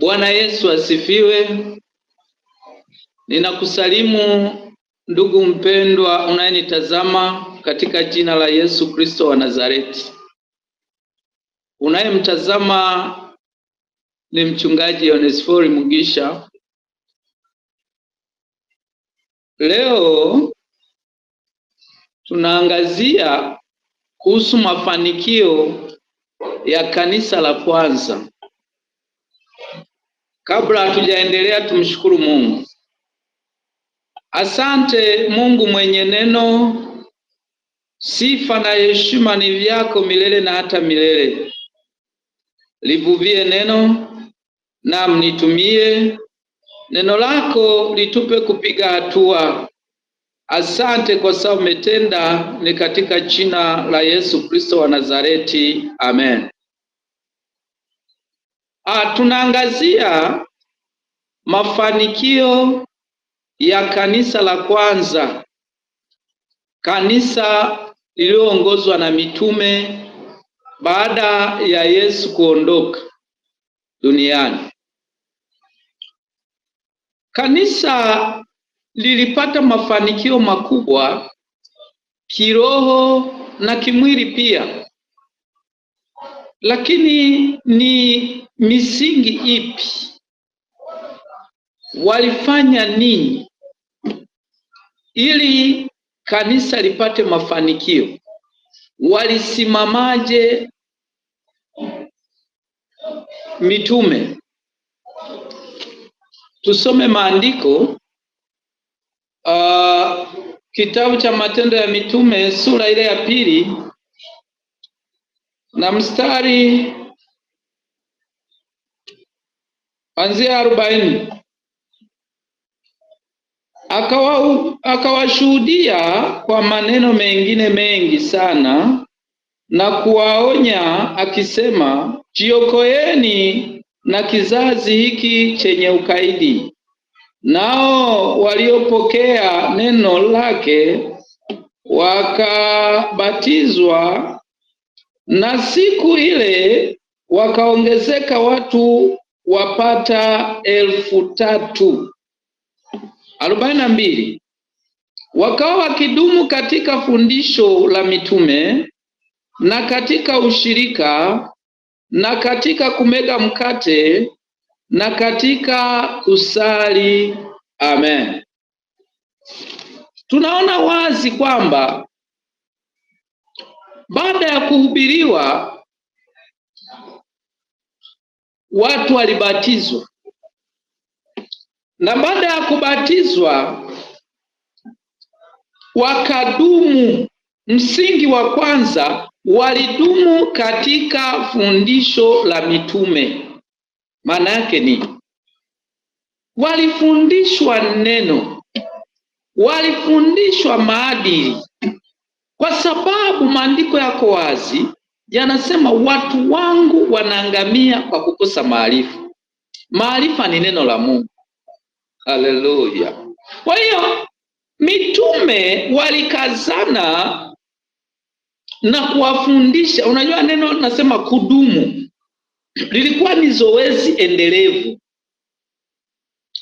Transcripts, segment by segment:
Bwana Yesu asifiwe. Ninakusalimu ndugu mpendwa unayenitazama katika jina la Yesu Kristo wa Nazareti. Unayemtazama ni mchungaji Onesfori Mugisha. Leo tunaangazia kuhusu mafanikio ya kanisa la kwanza. Kabla hatujaendelea tumshukuru Mungu. Asante Mungu mwenye neno, sifa na heshima ni vyako milele na hata milele. Livuvie neno na mnitumie neno lako, litupe kupiga hatua. Asante kwa sababu umetenda, ni katika jina la Yesu Kristo wa Nazareti, amen. Ah, tunaangazia mafanikio ya kanisa la kwanza, kanisa lililoongozwa na mitume baada ya Yesu kuondoka duniani. Kanisa lilipata mafanikio makubwa kiroho na kimwili pia lakini ni misingi ipi? Walifanya nini ili kanisa lipate mafanikio? Walisimamaje mitume? Tusome maandiko. Uh, kitabu cha Matendo ya Mitume sura ile ya pili na mstari kuanzia arobaini akawashuhudia kwa maneno mengine mengi sana na kuwaonya akisema, jiokoeni na kizazi hiki chenye ukaidi. Nao waliopokea neno lake wakabatizwa na siku ile wakaongezeka watu wapata elfu tatu arobaini na mbili wakawa wakidumu katika fundisho la mitume na katika ushirika na katika kumega mkate na katika kusali. Amen. Tunaona wazi kwamba baada ya kuhubiriwa watu walibatizwa, na baada ya kubatizwa wakadumu. Msingi wa kwanza, walidumu katika fundisho la mitume. Maana yake ni walifundishwa neno, walifundishwa maadili kwa sababu maandiko yako wazi yanasema watu wangu wanaangamia kwa kukosa maarifa. Maarifa ni neno la Mungu. Haleluya! Kwa hiyo mitume walikazana na kuwafundisha. Unajua, neno nasema kudumu lilikuwa ni zoezi endelevu,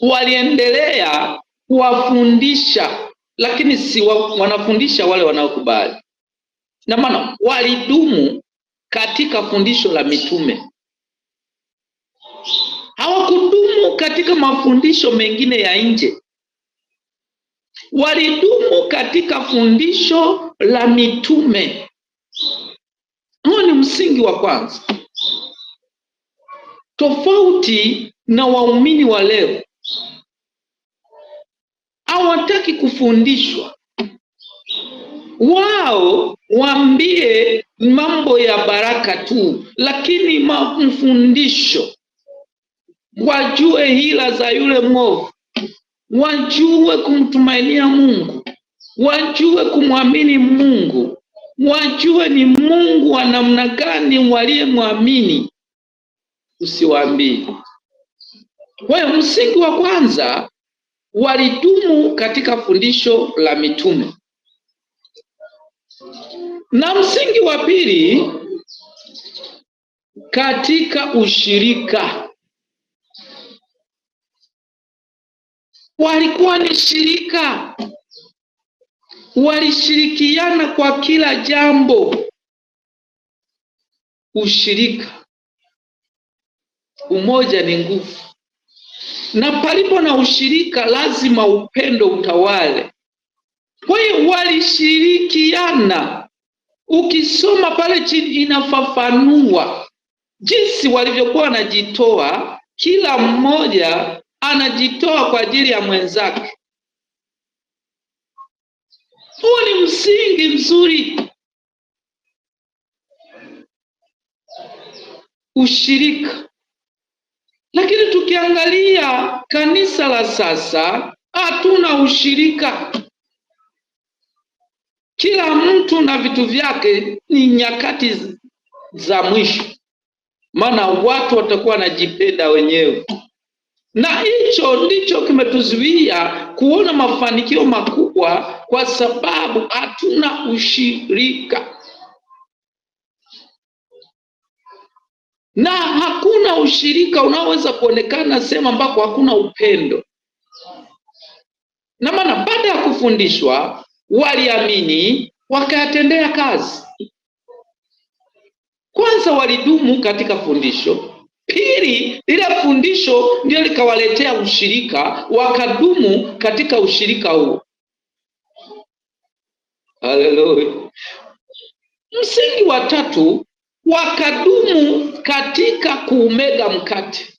waliendelea kuwafundisha lakini si wa, wanafundisha wale wanaokubali. Na maana walidumu katika fundisho la mitume, hawakudumu katika mafundisho mengine ya nje. Walidumu katika fundisho la mitume. Huo ni msingi wa kwanza, tofauti na waumini wa leo hawataki kufundishwa. Wao waambie mambo ya baraka tu, lakini mafundisho, wajue hila za yule mwovu, wajue kumtumainia Mungu, wajue kumwamini Mungu, wajue ni Mungu wa namna gani waliyemwamini. Usiwaambie. Kwa hiyo msingi wa kwanza walidumu katika fundisho la mitume. Na msingi wa pili katika ushirika, walikuwa ni shirika, walishirikiana kwa kila jambo. Ushirika, umoja ni nguvu na palipo na ushirika lazima upendo utawale. Kwa hiyo walishirikiana, ukisoma pale chini inafafanua jinsi walivyokuwa wanajitoa, kila mmoja anajitoa kwa ajili ya mwenzake. Huu ni msingi mzuri, ushirika lakini tukiangalia kanisa la sasa, hatuna ushirika, kila mtu na vitu vyake. Ni nyakati za mwisho, maana watu watakuwa wanajipenda wenyewe, na hicho ndicho kimetuzuia kuona mafanikio makubwa, kwa sababu hatuna ushirika. na hakuna ushirika unaoweza kuonekana sehemu ambako hakuna upendo. Na maana baada ya kufundishwa waliamini, wakayatendea kazi. Kwanza walidumu katika fundisho, pili lile fundisho ndio likawaletea ushirika, wakadumu katika ushirika huo. Haleluya! Msingi wa tatu wakadumu katika kuumega mkate.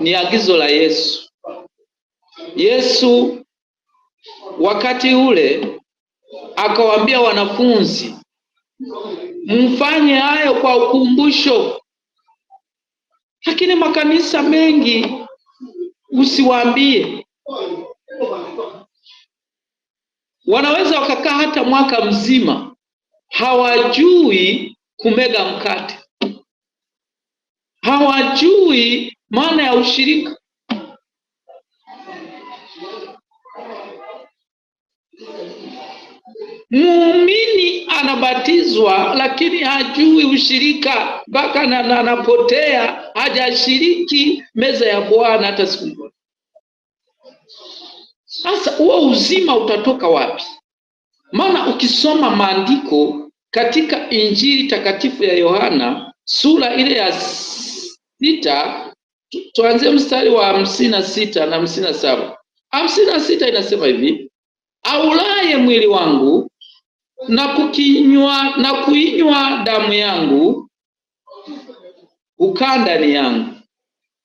Ni agizo la Yesu. Yesu wakati ule akawaambia wanafunzi, mfanye hayo kwa ukumbusho. Lakini makanisa mengi usiwaambie, wanaweza wakakaa hata mwaka mzima hawajui kumega mkate, hawajui maana ya ushirika. Muumini anabatizwa lakini hajui ushirika, mpaka anapotea, hajashiriki meza ya Bwana hata siku moja. Sasa huo uzima utatoka wapi? Maana ukisoma maandiko katika Injili takatifu ya Yohana sura ile ya sita tuanzie mstari wa hamsini na sita na hamsini na saba hamsini na sita inasema hivi aulaye mwili wangu na kukinywa na kuinywa damu yangu ukaa ndani yangu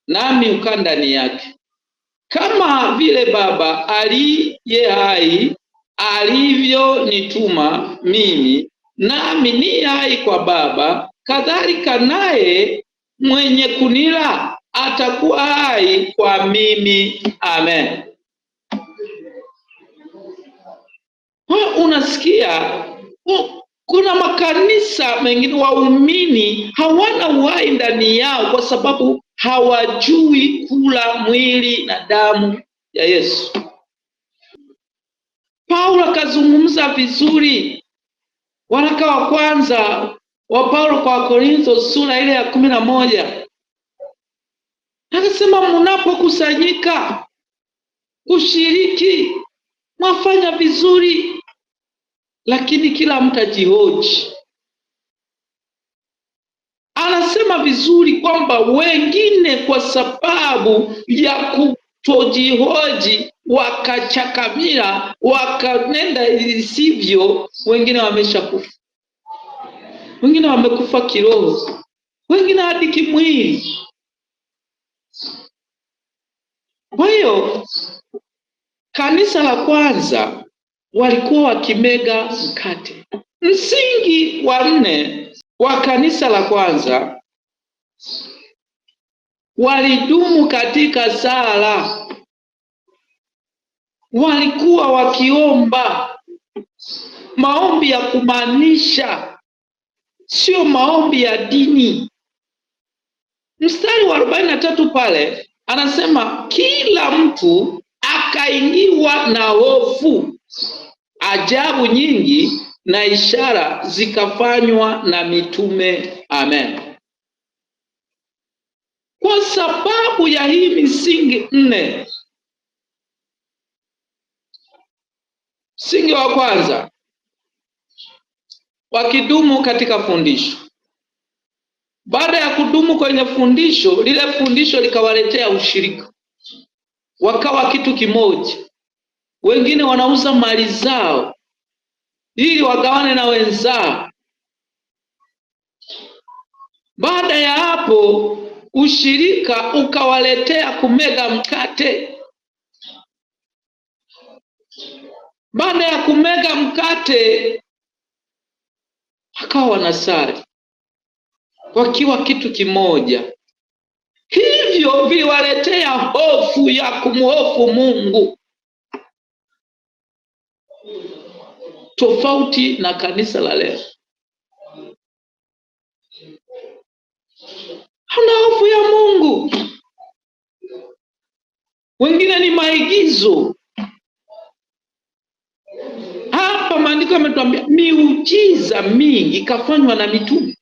nami ukaa ndani yake kama vile baba aliye hai alivyonituma mimi, nami ni hai kwa Baba, kadhalika naye mwenye kunila atakuwa hai kwa mimi. Amen. Ha, unasikia ha, kuna makanisa mengine waumini hawana uhai ndani yao kwa sababu hawajui kula mwili na damu ya Yesu. Paulo akazungumza vizuri, waraka wa kwanza wa Paulo kwa Wakorintho sura ile ya kumi na moja akasema mnapokusanyika kushiriki mwafanya vizuri, lakini kila mtu ajihoji. Anasema vizuri kwamba wengine kwa sababu ya kutojihoji wakachakamila, wakanenda isivyo, wengine wameshakufa, wengine wamekufa kiroho, wengine hadi kimwili. Kwa hiyo kanisa la kwanza walikuwa wakimega mkate. Msingi wa nne wa kanisa la kwanza, walidumu katika sala walikuwa wakiomba maombi ya kumaanisha, sio maombi ya dini. Mstari wa arobaini na tatu pale anasema kila mtu akaingiwa na hofu, ajabu nyingi na ishara zikafanywa na mitume. Amen. Kwa sababu ya hii misingi nne Msingi wa kwanza, wakidumu katika fundisho. Baada ya kudumu kwenye fundisho, lile fundisho likawaletea ushirika, wakawa kitu kimoja. Wengine wanauza mali zao ili wagawane na wenzao. Baada ya hapo, ushirika ukawaletea kumega mkate Baada ya kumega mkate, wakawa wanasali wakiwa kitu kimoja, hivyo viliwaletea hofu ya kumhofu Mungu, tofauti na kanisa la leo. Hana hofu ya Mungu, wengine ni maigizo hapa maandiko yametuambia miujiza mingi ikafanywa na mitume,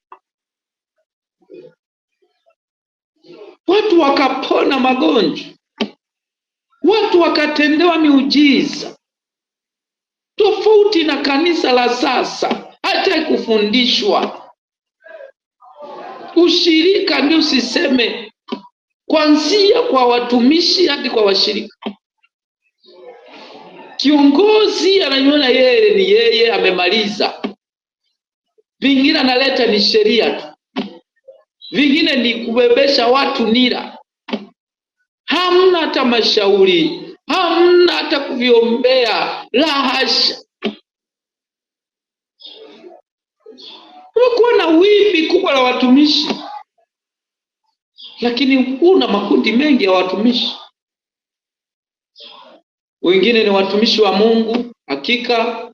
watu wakapona magonjwa, watu wakatendewa miujiza, tofauti na kanisa la sasa. Hata kufundishwa ushirika, ndio usiseme, kuanzia kwa watumishi hadi kwa washirika Kiongozi ananiona yeye ni yeye, amemaliza. Vingine analeta ni sheria tu, vingine ni kubebesha watu nira, hamna hata mashauri, hamna hata kuviombea, la hasha. Kumekuwa na wimbi kubwa la watumishi, lakini kuna makundi mengi ya watumishi wengine ni watumishi wa Mungu hakika,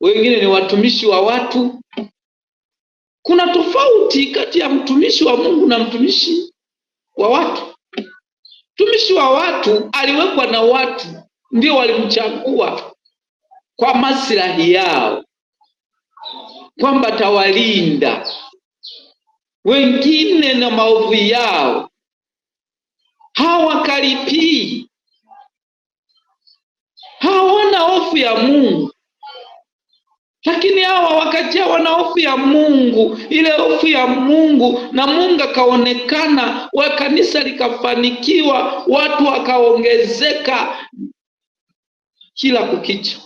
wengine ni watumishi wa watu. Kuna tofauti kati ya mtumishi wa Mungu na mtumishi wa watu. Mtumishi wa watu aliwekwa na watu, ndio walimchagua kwa maslahi yao, kwamba tawalinda wengine na maovu yao, hawakalipii hawana hofu ya Mungu, lakini hawa wakajawa wana hofu ya Mungu, ile hofu ya Mungu na Mungu akaonekana, wa kanisa likafanikiwa, watu wakaongezeka kila kukicha.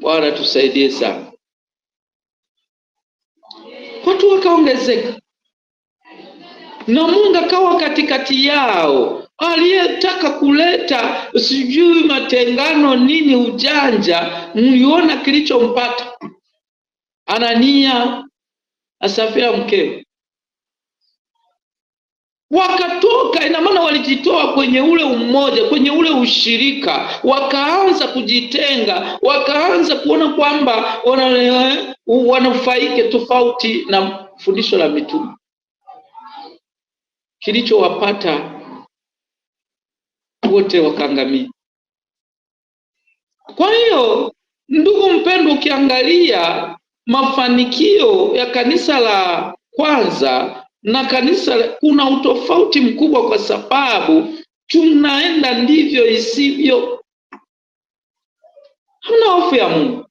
Bwana tusaidie sana, watu wakaongezeka na Mungu akawa katikati yao aliyetaka kuleta sijui matengano nini, ujanja, mliona kilichompata Anania na Safira mkewe, wakatoka. Ina maana walijitoa kwenye ule umoja, kwenye ule ushirika, wakaanza kujitenga, wakaanza kuona kwamba wanafaike eh, tofauti na fundisho la mitume. Kilichowapata wote wakaangamia. Kwa hiyo ndugu mpendwa, ukiangalia mafanikio ya kanisa la kwanza na kanisa la, kuna utofauti mkubwa, kwa sababu tunaenda ndivyo isivyo. Hamna hofu ya Mungu,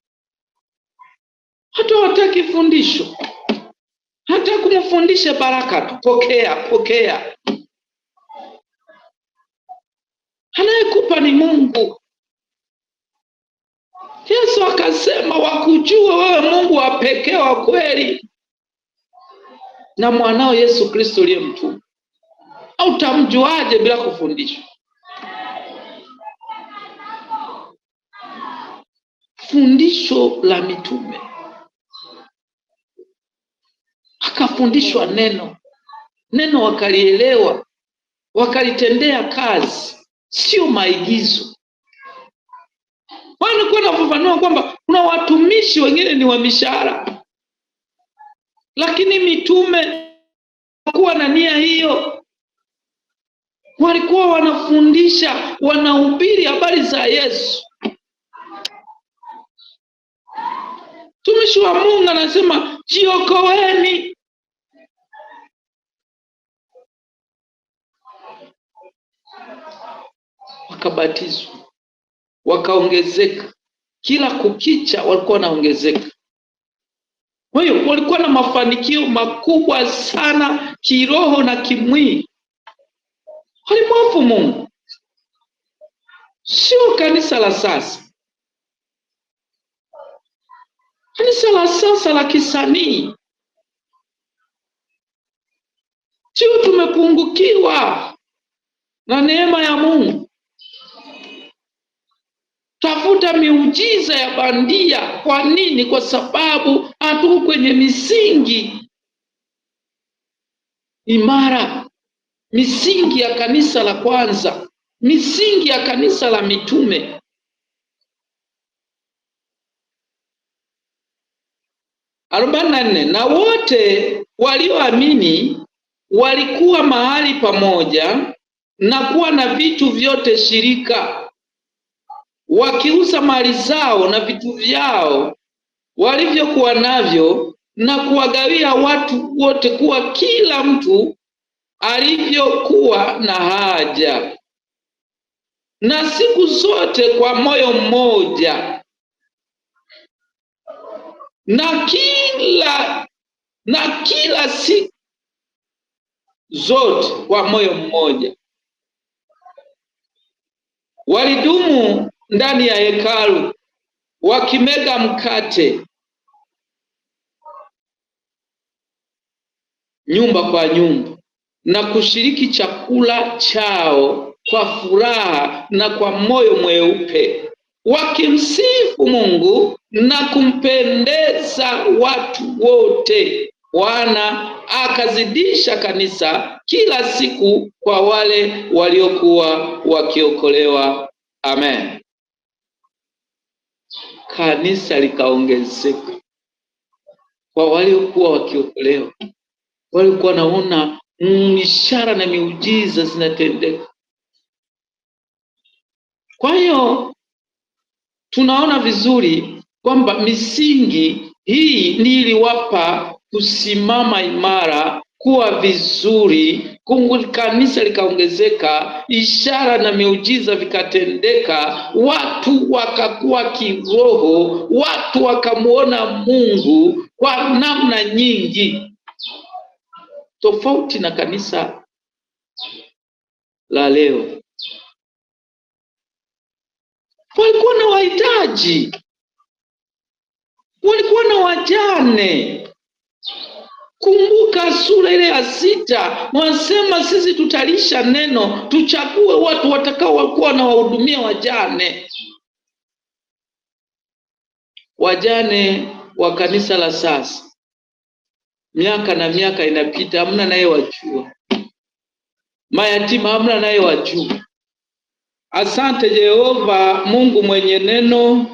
hata hawataki fundisho, hata kumfundisha baraka pokea pokea anayekupa ni Mungu. Yesu akasema wakujua wewe Mungu wa pekee wa kweli na mwanao Yesu Kristo mtume Au utamjuaje bila kufundishwa? Fundisho la mitume, akafundishwa neno, neno wakalielewa, wakalitendea kazi sio maigizo. Kwa hiyo nilikuwa nafafanua kwamba kuna watumishi wengine ni wa mishahara, lakini mitume kuwa na nia hiyo walikuwa wanafundisha, wanahubiri habari za Yesu. Mtumishi wa Mungu anasema jiokoeni, wakabatizwa, wakaongezeka, kila kukicha walikuwa wanaongezeka. Kwa hiyo walikuwa na mafanikio makubwa sana kiroho na kimwili, walimwafu Mungu. Sio kanisa la sasa, kanisa la sasa la kisanii sio, tumepungukiwa na neema ya Mungu tafuta miujiza ya bandia. Kwa nini? Kwa sababu hatuko kwenye misingi imara, misingi ya kanisa la kwanza, misingi ya kanisa la mitume. arobaini na nne. Na wote walioamini walikuwa mahali pamoja na kuwa na vitu vyote shirika wakiuza mali zao na vitu vyao walivyokuwa navyo na kuwagawia watu wote, kuwa kila mtu alivyokuwa na haja, na siku zote kwa moyo mmoja na kila na kila siku zote kwa moyo mmoja walidumu ndani ya hekalu wakimega mkate nyumba kwa nyumba na kushiriki chakula chao kwa furaha na kwa moyo mweupe, wakimsifu Mungu na kumpendeza watu wote. Bwana akazidisha kanisa kila siku kwa wale waliokuwa wakiokolewa. Amen kanisa likaongezeka kwa waliokuwa wakiokolewa, waliokuwa wanaona mm, ishara na miujiza zinatendeka. Kwa hiyo tunaona vizuri kwamba misingi hii iliwapa kusimama imara kuwa vizuri, kanisa likaongezeka, ishara na miujiza vikatendeka, watu wakakuwa kiroho, watu wakamwona Mungu kwa namna nyingi tofauti na kanisa la leo. Walikuwa na wahitaji, walikuwa na wajane, Kumbuka sura ile ya sita, wasema sisi tutalisha neno, tuchague watu watakao wakuwa na wahudumia wajane, wajane wa kanisa la sasa. Miaka na miaka inapita, hamna naye wajua, mayatima hamna naye wajua. Asante Jehova Mungu mwenye neno,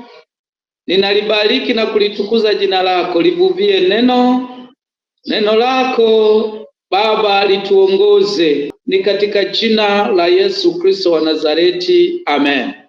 ninalibariki na kulitukuza jina lako, livuvie neno Neno lako Baba lituongoze, ni katika jina la Yesu Kristo wa Nazareti, amen.